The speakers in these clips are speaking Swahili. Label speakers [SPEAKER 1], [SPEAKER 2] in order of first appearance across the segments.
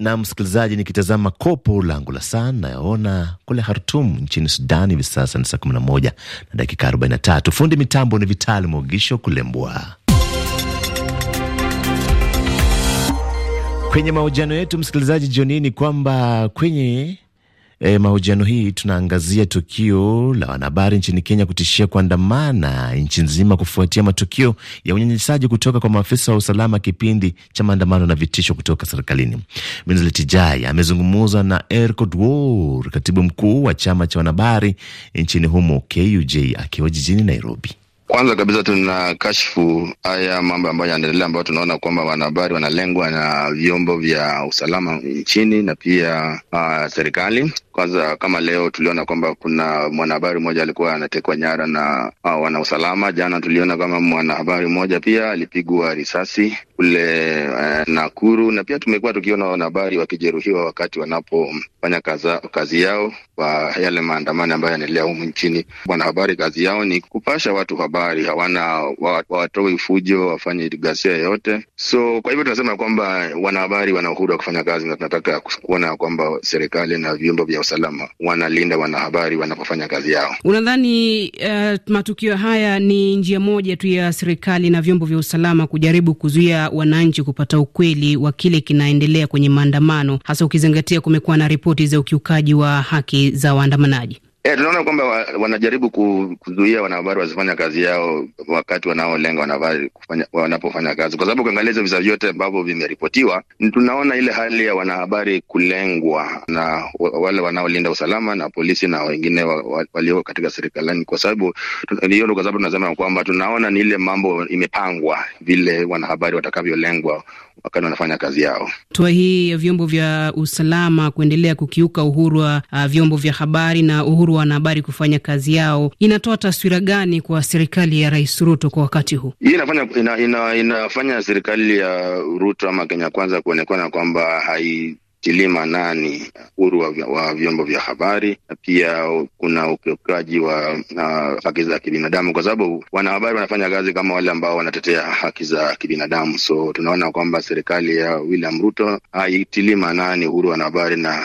[SPEAKER 1] Na msikilizaji, nikitazama kopo langu la saa nayoona kule Hartum nchini Sudan hivi sasa ni saa 11 na dakika 43. Fundi mitambo ni Vitali Mogisho Kulembwa. Kwenye mahojiano yetu msikilizaji, jioni ni kwamba kwenye E, mahojiano hii tunaangazia tukio la wanahabari nchini Kenya kutishia kuandamana nchi nzima kufuatia matukio ya unyanyasaji kutoka kwa maafisa wa usalama kipindi cha maandamano na vitisho kutoka serikalini. Minzileti Jai amezungumza na Ercot Wor, katibu mkuu wa chama cha wanahabari nchini humo KUJ, akiwa jijini Nairobi.
[SPEAKER 2] Kwanza kabisa tuna kashfu haya mambo ambayo yanaendelea, ambayo tunaona kwamba wanahabari wanalengwa na vyombo vya usalama nchini na pia uh, serikali. Kwanza kama leo tuliona kwamba kuna mwanahabari mmoja alikuwa anatekwa nyara na uh, wanausalama. Jana tuliona kama mwanahabari mmoja pia alipigwa risasi kule uh, Nakuru, na pia tumekuwa tukiona wanahabari wakijeruhiwa wakati wanapofanya kazi yao kwa yale maandamano ambayo yanaendelea humu nchini. Wanahabari kazi yao ni kupasha watu habari habari, hawana wawatoe fujo, wafanye ghasia yoyote. So kwa hivyo tunasema kwamba wanahabari wana uhuru wa kufanya kazi, na tunataka kuona kwamba serikali na vyombo vya usalama wanalinda wanahabari wanapofanya kazi yao.
[SPEAKER 3] Unadhani uh, matukio haya ni njia moja tu ya serikali na vyombo vya usalama kujaribu kuzuia wananchi kupata ukweli wa kile kinaendelea kwenye maandamano, hasa ukizingatia kumekuwa na ripoti za ukiukaji wa haki za waandamanaji?
[SPEAKER 2] Eh, tunaona kwamba wanajaribu kuzuia wanahabari wasifanya kazi yao wakati wanaolenga wanahabari wanapofanya kazi, kwa sababu ukiangalia hizo visa vyote ambavyo vimeripotiwa, tunaona ile hali ya wanahabari kulengwa na wale wanaolinda usalama na polisi na wengine walio katika serikalini, kwa sababu hiyo ndio, kwa sababu tunasema kwamba tunaona ni ile mambo imepangwa vile wanahabari watakavyolengwa wakati wanafanya kazi yao.
[SPEAKER 3] Hatua hii ya vyombo vya usalama kuendelea kukiuka uhuru wa uh, vyombo vya habari na uhuru wa wanahabari kufanya kazi yao inatoa taswira gani kwa serikali ya Rais Ruto kwa wakati huu?
[SPEAKER 2] Hii inafanya ina, ina, inafanya serikali ya Ruto ama Kenya Kwanza kuonekana kwamba hai kutilia maanani uhuru wa, wa vyombo vya habari na pia kuna ukiukaji wa haki za kibinadamu, kwa sababu wanahabari wanafanya kazi kama wale ambao wanatetea haki za kibinadamu. So tunaona kwamba serikali ya William Ruto haitilii maanani uhuru wa wanahabari na,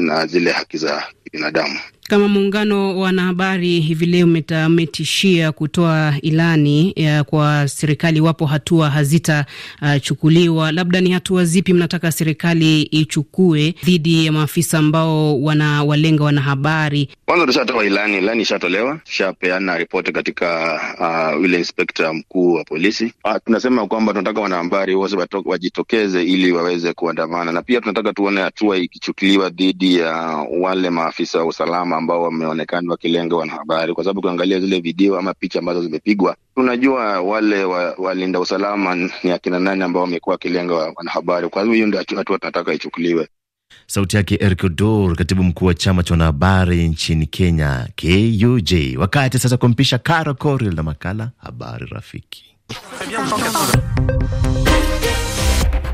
[SPEAKER 2] na zile haki za kibinadamu.
[SPEAKER 3] Kama muungano wa wanahabari hivi leo umetishia kutoa ilani ya eh, kwa serikali iwapo hatua hazitachukuliwa, uh, labda ni hatua zipi mnataka serikali ichukue dhidi ya maafisa ambao wanawalenga wanahabari?
[SPEAKER 2] Kwanza tushatoa ilani, ilani ishatolewa, tushapeana ripoti katika uh, yule inspekta mkuu wa polisi. Uh, tunasema kwamba tunataka wanahabari wote wajitokeze ili waweze kuandamana, na pia tunataka tuone hatua ikichukuliwa dhidi ya uh, wale maafisa wa usalama ambao wameonekana wakilenga wanahabari, kwa sababu ukiangalia zile video ama picha ambazo zimepigwa, tunajua wale wa, walinda usalama ni akina nani ambao wamekuwa wakilenga wanahabari. Kwa hiyo hiyo ndio hatua tunataka ichukuliwe.
[SPEAKER 1] Sauti yake Eric Odor, katibu mkuu wa chama cha wanahabari nchini Kenya, KUJ. Wakati sasa kumpisha Caro Coril na makala Habari Rafiki.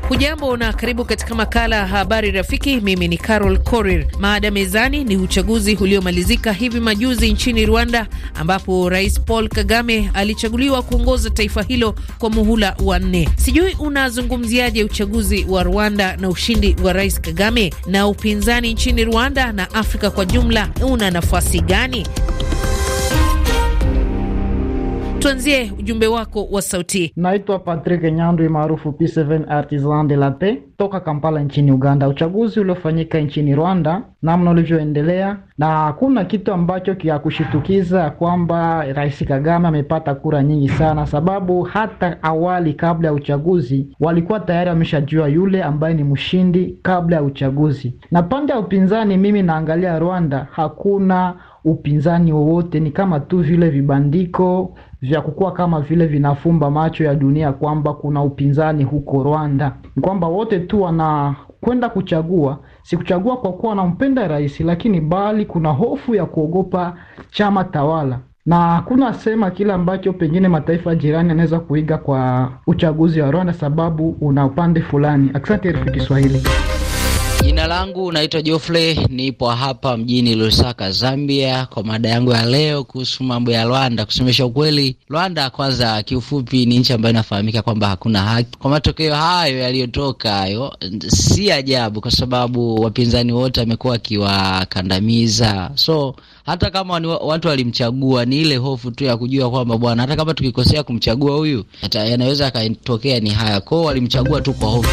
[SPEAKER 3] Hujambo na karibu katika makala ya habari rafiki. Mimi ni Carol Korir. Maada mezani ni uchaguzi uliomalizika hivi majuzi nchini Rwanda, ambapo Rais Paul Kagame alichaguliwa kuongoza taifa hilo kwa muhula wa nne. Sijui unazungumziaje uchaguzi wa Rwanda na ushindi wa Rais Kagame, na upinzani nchini Rwanda na Afrika kwa jumla una nafasi gani?
[SPEAKER 4] Tuanzie ujumbe wako wa sauti. Naitwa Patrick Nyandwi maarufu P7 Artisan de la Paix toka Kampala nchini Uganda. Uchaguzi uliofanyika nchini Rwanda, namna ulivyoendelea, na hakuna kitu ambacho kia kushitukiza kwamba Rais Kagame amepata kura nyingi sana, sababu hata awali kabla ya uchaguzi walikuwa tayari wameshajua yule ambaye ni mshindi kabla ya uchaguzi. Na pande ya upinzani, mimi naangalia Rwanda, hakuna upinzani wowote, ni kama tu vile vibandiko vya kukua kama vile vinafumba macho ya dunia kwamba kuna upinzani huko Rwanda, ni kwamba wote tu wanakwenda kuchagua, si kuchagua kwa kuwa wanampenda rais, lakini bali kuna hofu ya kuogopa chama tawala na hakuna sema kile ambacho pengine mataifa jirani yanaweza kuiga kwa uchaguzi wa Rwanda, sababu una upande fulani. Asante rafiki Kiswahili langu naitwa Geoffrey, nipo hapa mjini Lusaka, Zambia, kwa mada yangu ya leo kuhusu mambo ya Rwanda. Kusemesha ukweli, Rwanda kwanza, kiufupi, ni nchi ambayo inafahamika kwamba hakuna haki. Kwa matokeo hayo yaliyotoka hayo, si ajabu, kwa sababu wapinzani wote wamekuwa wakiwakandamiza. So hata kama wani, watu walimchagua, ni ile hofu tu ya kujua kwamba bwana, hata kama tukikosea kumchagua huyu, hata yanaweza akatokea ni haya kwao, walimchagua tu kwa hofu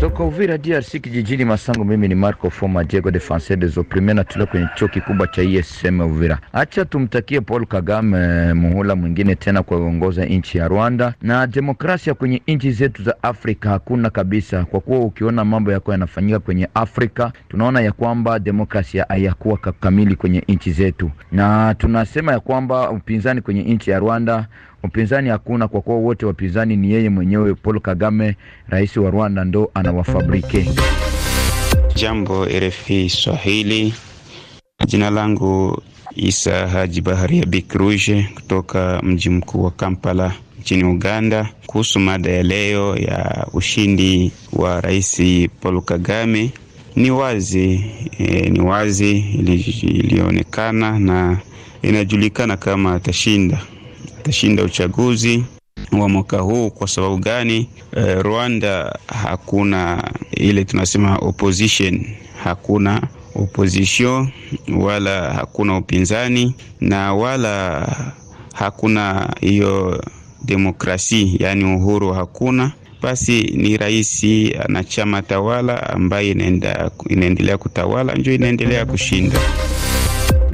[SPEAKER 2] toka Uvira DRC kijijini Masango, mimi ni Marco Foma Diego Defenseur des Opprimes na kwenye chuo kikubwa cha ISM e Uvira. Acha tumtakie Paul Kagame eh, muhula mwingine tena kwa kuongoza nchi ya Rwanda, na demokrasia kwenye nchi zetu za Afrika hakuna kabisa, kwa kuwa ukiona mambo yako yanafanyika kwenye Afrika, tunaona ya kwamba demokrasia hayakuwa kamili kwenye nchi zetu, na tunasema ya kwamba upinzani kwenye nchi ya Rwanda Upinzani hakuna kwa kuwa wote wapinzani ni yeye mwenyewe Paul Kagame, rais wa Rwanda, ndo anawafabrike.
[SPEAKER 4] Jambo RFI Swahili, jina langu Isa Haji Bahari ya Bikruje kutoka mji mkuu wa Kampala nchini Uganda, kuhusu mada ya leo ya ushindi wa rais Paul Kagame. Ni wazi e, ni wazi ilionekana na inajulikana kama atashinda atashinda uchaguzi wa mwaka huu. Kwa sababu gani? E, Rwanda hakuna ile tunasema opposition, hakuna opposition wala hakuna upinzani na wala hakuna hiyo demokrasi, yaani uhuru hakuna. Basi ni rais na chama tawala ambaye inaendelea kutawala njo inaendelea kushinda.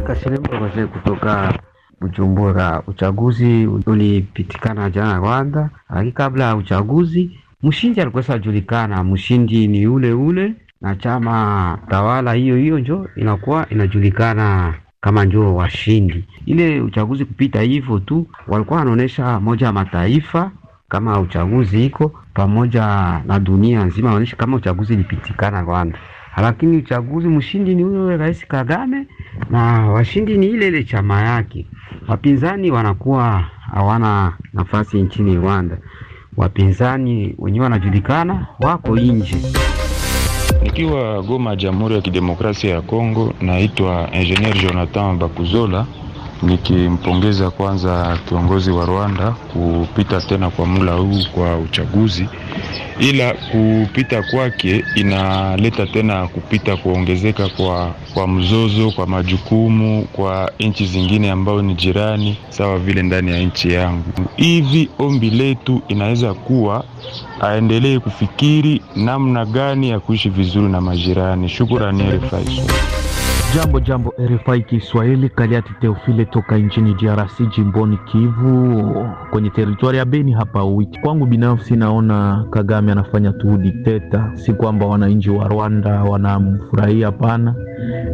[SPEAKER 4] Kashilimbo kutoka Bujumbura. Uchaguzi ulipitikana jana Rwanda, lakini kabla ya uchaguzi mshindi alikuwa julikana, mshindi ni ule ule na chama tawala hiyo hiyo njo inakuwa inajulikana kama njo washindi. Ile uchaguzi kupita hivyo tu, walikuwa wanaonyesha moja ya mataifa kama uchaguzi iko pamoja na dunia nzima, wanaonyesha kama uchaguzi ilipitikana Rwanda lakini uchaguzi mshindi ni huyo Rais Kagame na washindi ni ile ile chama yake. Wapinzani wanakuwa hawana nafasi nchini Rwanda, wapinzani wenyewe wanajulikana, wako nje.
[SPEAKER 2] Nikiwa Goma, Jamhuri ya Kidemokrasia ya Kongo, naitwa Engineer Jonathan Bakuzola, nikimpongeza kwanza kiongozi wa Rwanda kupita tena kwa mula huu kwa uchaguzi ila kupita kwake inaleta tena kupita kuongezeka kwa, kwa mzozo kwa majukumu kwa nchi zingine ambayo ni jirani sawa vile ndani ya nchi yangu. Hivi ombi letu inaweza kuwa aendelee kufikiri namna gani ya kuishi vizuri na majirani. Shukrani
[SPEAKER 1] Jambo jambo RFI Kiswahili, Kaliati Teofile toka nchini DRC jimboni Kivu kwenye teritwari ya Beni hapa wiki. Kwangu binafsi naona Kagame anafanya tu udikteta, si kwamba wananchi wa Rwanda wanamfurahia, hapana,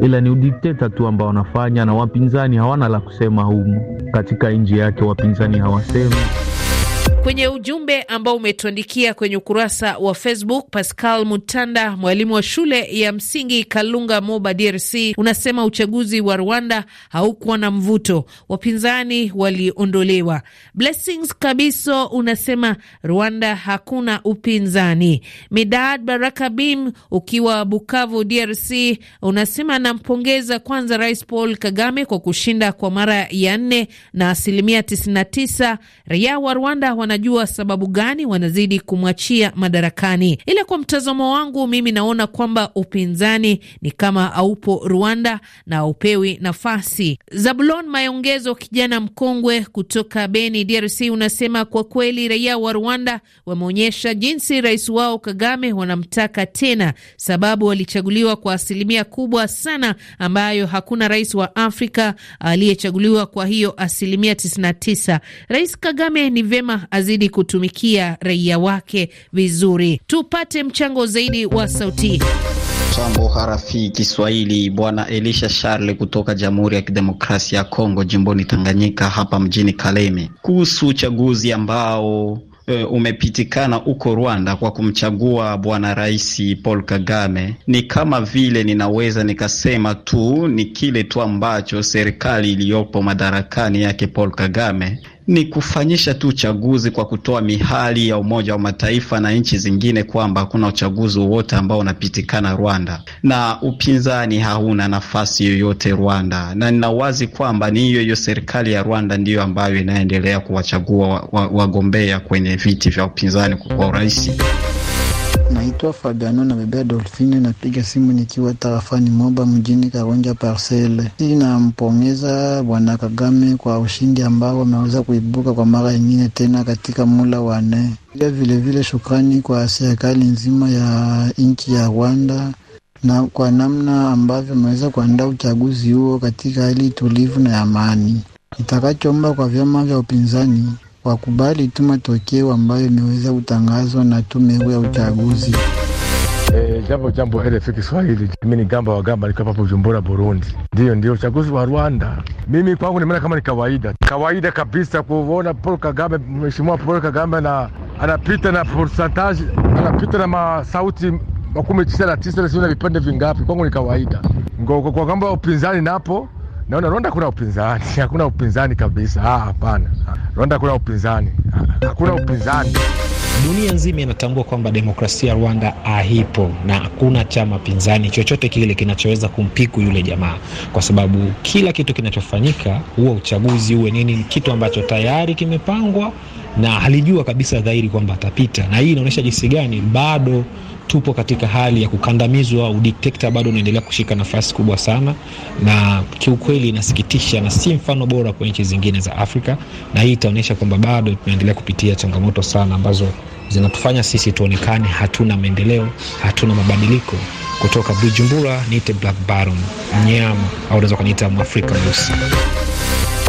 [SPEAKER 1] ila ni udikteta tu ambao wanafanya, na wapinzani hawana la kusema humo katika nchi yake, wapinzani
[SPEAKER 3] hawasemi. Kwenye ujumbe ambao umetuandikia kwenye ukurasa wa Facebook, Pascal Mutanda, mwalimu wa shule ya msingi Kalunga, Moba, DRC, unasema uchaguzi wa Rwanda haukuwa na mvuto, wapinzani waliondolewa. Blessings Kabiso unasema Rwanda hakuna upinzani. Midad Baraka Bim ukiwa Bukavu, DRC, unasema nampongeza kwanza Rais Paul Kagame kwa kushinda kwa mara ya nne na asilimia 99. Raia wa Rwanda wana wanajua sababu gani wanazidi kumwachia madarakani. Ila kwa mtazamo wangu mimi naona kwamba upinzani ni kama aupo Rwanda na aupewi nafasi. Zabulon Mayongezo, kijana mkongwe kutoka Beni, DRC, unasema kwa kweli raia wa Rwanda wameonyesha jinsi rais wao Kagame wanamtaka tena, sababu walichaguliwa kwa asilimia kubwa sana, ambayo hakuna rais wa Afrika aliyechaguliwa kwa hiyo asilimia 99. Rais Kagame ni vema az itazidi kutumikia raia wake vizuri. Tupate mchango zaidi wa sauti
[SPEAKER 4] Jambo harafi Kiswahili, Bwana Elisha Charle kutoka Jamhuri ya Kidemokrasia ya Kongo, jimboni Tanganyika, hapa mjini Kalemi, kuhusu uchaguzi ambao e, umepitikana huko Rwanda kwa kumchagua bwana rais Paul Kagame. Ni kama vile ninaweza nikasema tu ni kile tu ambacho serikali iliyopo madarakani yake Paul Kagame ni kufanyisha tu uchaguzi kwa kutoa mihali ya Umoja wa Mataifa na nchi zingine kwamba hakuna uchaguzi wowote ambao unapitikana Rwanda, na upinzani hauna nafasi yoyote Rwanda, na nina wazi kwamba ni hiyo hiyo serikali ya Rwanda ndiyo ambayo inaendelea kuwachagua wagombea wa, wa kwenye viti vya upinzani kwa urahisi. Naitwa Fabiano na bebea Dolfine, napiga simu nikiwa tarafani Moba mjini Karonja Parcele. Nampongeza Bwana Kagame kwa ushindi ambao wameweza kuibuka kwa mara nyingine tena katika mula wa nne. Pia vilevile shukrani kwa serikali nzima ya nchi ya Rwanda na kwa namna ambavyo wameweza kuandaa uchaguzi huo katika hali tulivu na ya amani. itakachomba kwa vyama vya upinzani wakubali tu matokeo ambayo imeweza kutangazwa na tume huru ya uchaguzi.
[SPEAKER 1] Eh, jambo jambo RFI Kiswahili, mimi ni gamba wa gamba nikiwa hapa Bujumbura Burundi. ndio ndio uchaguzi wa Rwanda, mimi kwangu nimeona kama ni kawaida kawaida kabisa kuona Paul Kagame, mheshimiwa Paul Kagame na anapita na percentage, anapita na masauti makumi tisa na tisa na vipande vingapi, kwangu ni kawaida ngo kwa kwamba upinzani napo Naona Rwanda kuna upinzani, hakuna upinzani kabisa. Ah, hapana, Rwanda
[SPEAKER 4] kuna upinzani, ah, hakuna upinzani. Dunia nzima inatambua kwamba demokrasia ya Rwanda haipo na hakuna chama pinzani chochote kile kinachoweza kumpiku yule jamaa, kwa sababu kila kitu kinachofanyika huwa uchaguzi uwe nini, kitu ambacho tayari kimepangwa na alijua kabisa dhahiri kwamba atapita, na hii inaonyesha jinsi gani bado tupo katika hali ya kukandamizwa. Udikteta bado unaendelea kushika nafasi kubwa sana, na kiukweli inasikitisha na si mfano bora kwa nchi zingine za Afrika, na hii itaonyesha kwamba bado tunaendelea kupitia changamoto sana ambazo zinatufanya sisi tuonekane hatuna maendeleo, hatuna mabadiliko. Kutoka Bujumbura niite Black Baron, mnyama au unaweza ukaniita mwafrika mweusi.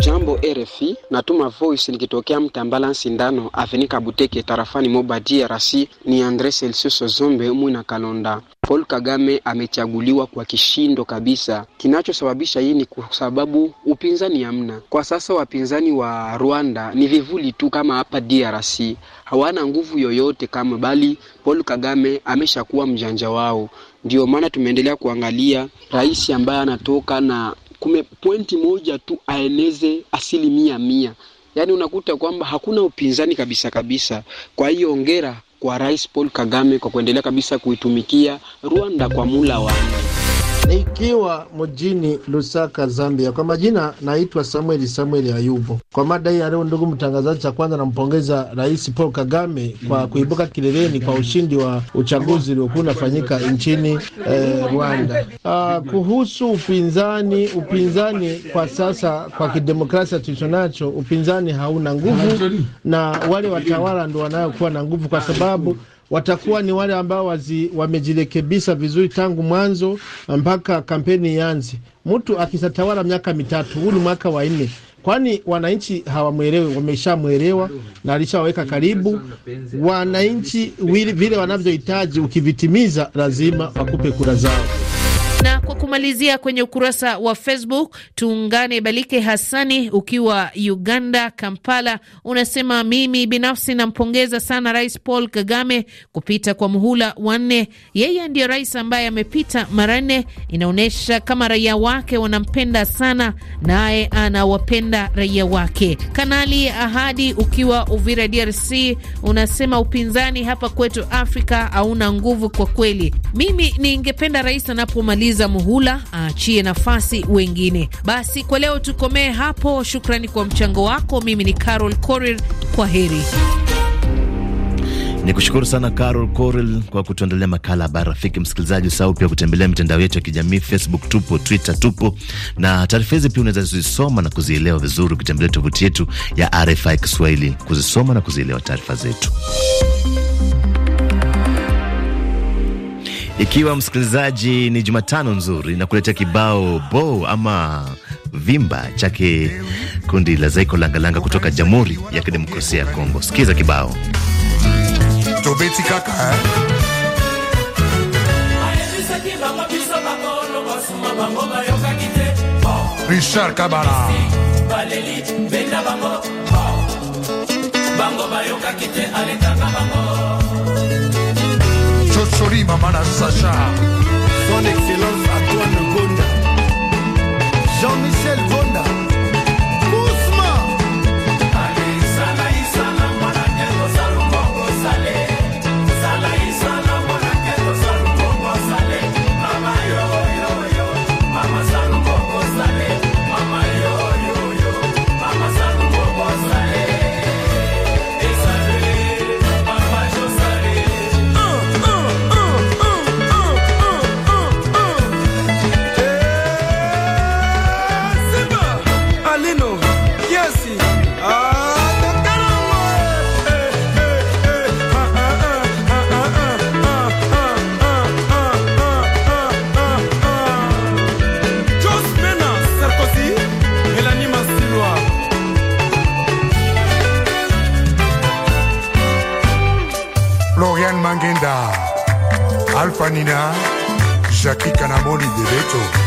[SPEAKER 4] Jambo RFI, natuma voice nikitokea Mtambala Sindano avenika Buteke tarafani Moba DRC. Ni Andre Celsius Zombe Mwina Kalonda. Paul Kagame amechaguliwa kwa kishindo kabisa. Kinachosababisha hii ni kwa sababu upinzani hamna kwa sasa. Wapinzani wa Rwanda ni vivuli tu, kama hapa DRC hawana nguvu yoyote kama, bali Paul Kagame ameshakuwa mjanja wao. Ndio maana tumeendelea kuangalia rais ambaye anatoka na kume pointi moja tu aeneze asilimia mia. Yaani unakuta kwamba hakuna upinzani kabisa kabisa. Kwa hiyo ongera kwa Rais Paul Kagame kwa kuendelea kabisa kuitumikia Rwanda kwa mula wa
[SPEAKER 1] Nikiwa mjini Lusaka, Zambia. Kwa majina naitwa Samuel Samuel Ayubo. Kwa mada hii leo, ndugu mtangazaji, cha kwanza nampongeza Rais Paul Kagame kwa mm. kuibuka kileleni kwa ushindi wa uchaguzi uliokuwa unafanyika nchini eh, Rwanda. Ah, kuhusu upinzani, upinzani kwa sasa kwa kidemokrasia tulichonacho, upinzani hauna nguvu na wale watawala ndio wanayokuwa na nguvu kwa sababu watakuwa ni wale ambao wamejirekebisha vizuri tangu mwanzo mpaka kampeni ianze. Mtu akisatawala miaka mitatu, huu ni mwaka wa nne, kwani wananchi hawamwelewi, wameshamwelewa na alishawaweka karibu wananchi vile wanavyohitaji. Ukivitimiza lazima wakupe kura zao.
[SPEAKER 3] Na kwa kumalizia, kwenye ukurasa wa Facebook tuungane. Balike hasani ukiwa Uganda, Kampala, unasema mimi binafsi nampongeza sana Rais Paul Kagame kupita kwa muhula wanne. Yeye ndiyo rais ambaye amepita mara nne, inaonyesha kama raia wake wanampenda sana, naye anawapenda raia wake. Kanali Ahadi ukiwa Uvira, DRC, unasema upinzani hapa kwetu Afrika hauna nguvu kwa kweli. Mimi ningependa rais anapomaliza kumaliza muhula aachie nafasi wengine. Basi kwa leo tukomee hapo. Shukrani kwa mchango wako. Mimi ni Carol Korir, kwa heri.
[SPEAKER 1] Ni kushukuru sana Carol Corel kwa kutuandalia makala ya Habari Rafiki. Msikilizaji, usahau pia kutembelea mitandao yetu ya kijamii, Facebook tupo, Twitter tupo, na taarifa hizi pia unaweza kuzisoma na kuzielewa vizuri ukitembelea tovuti yetu ya RFI Kiswahili, kuzisoma na kuzielewa taarifa zetu. Ikiwa msikilizaji, ni Jumatano nzuri na kuletea kibao bo ama vimba chake kundi la Zaiko Langalanga kutoka Jamhuri ya Kidemokrasia ya Kongo. Sikiza kibao
[SPEAKER 2] tobeti kaka eh? Richard bango
[SPEAKER 1] bango chochori mama na sacha son excellence antoine gonda jean-michel gonda
[SPEAKER 2] Florian Manguenda, Nina, Jackie Canaboli de Beto.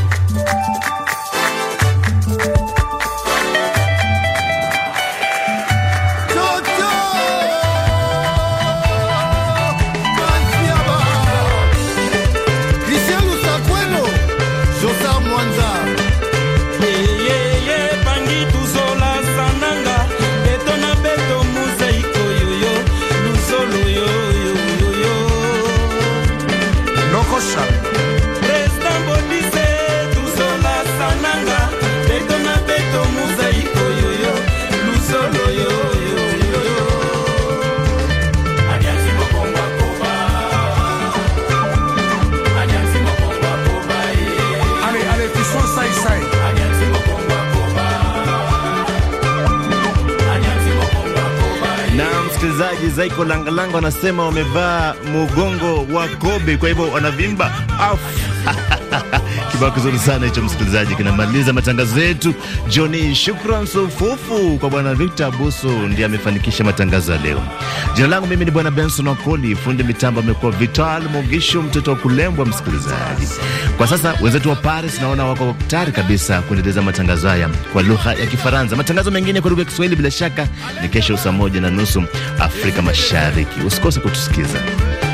[SPEAKER 1] Zaiko Langalanga wanasema wamevaa mgongo wa kobe, kwa hivyo wanavimba afu Kibao kizuri sana hicho, msikilizaji, kinamaliza matangazo yetu jioni. Shukran sufufu kwa bwana Victor Abuso, ndiye amefanikisha matangazo ya leo. Jina langu mimi ni bwana Benson Wakoli, fundi mitambo amekuwa Vital Mogisho, mtoto wa kulembwa. Msikilizaji, kwa sasa wenzetu wa Paris naona wako tayari kabisa kuendeleza matangazo haya kwa lugha ya Kifaransa. Matangazo mengine kwa lugha ya Kiswahili bila shaka ni kesho saa moja na nusu Afrika Mashariki. Usikose kutusikiza.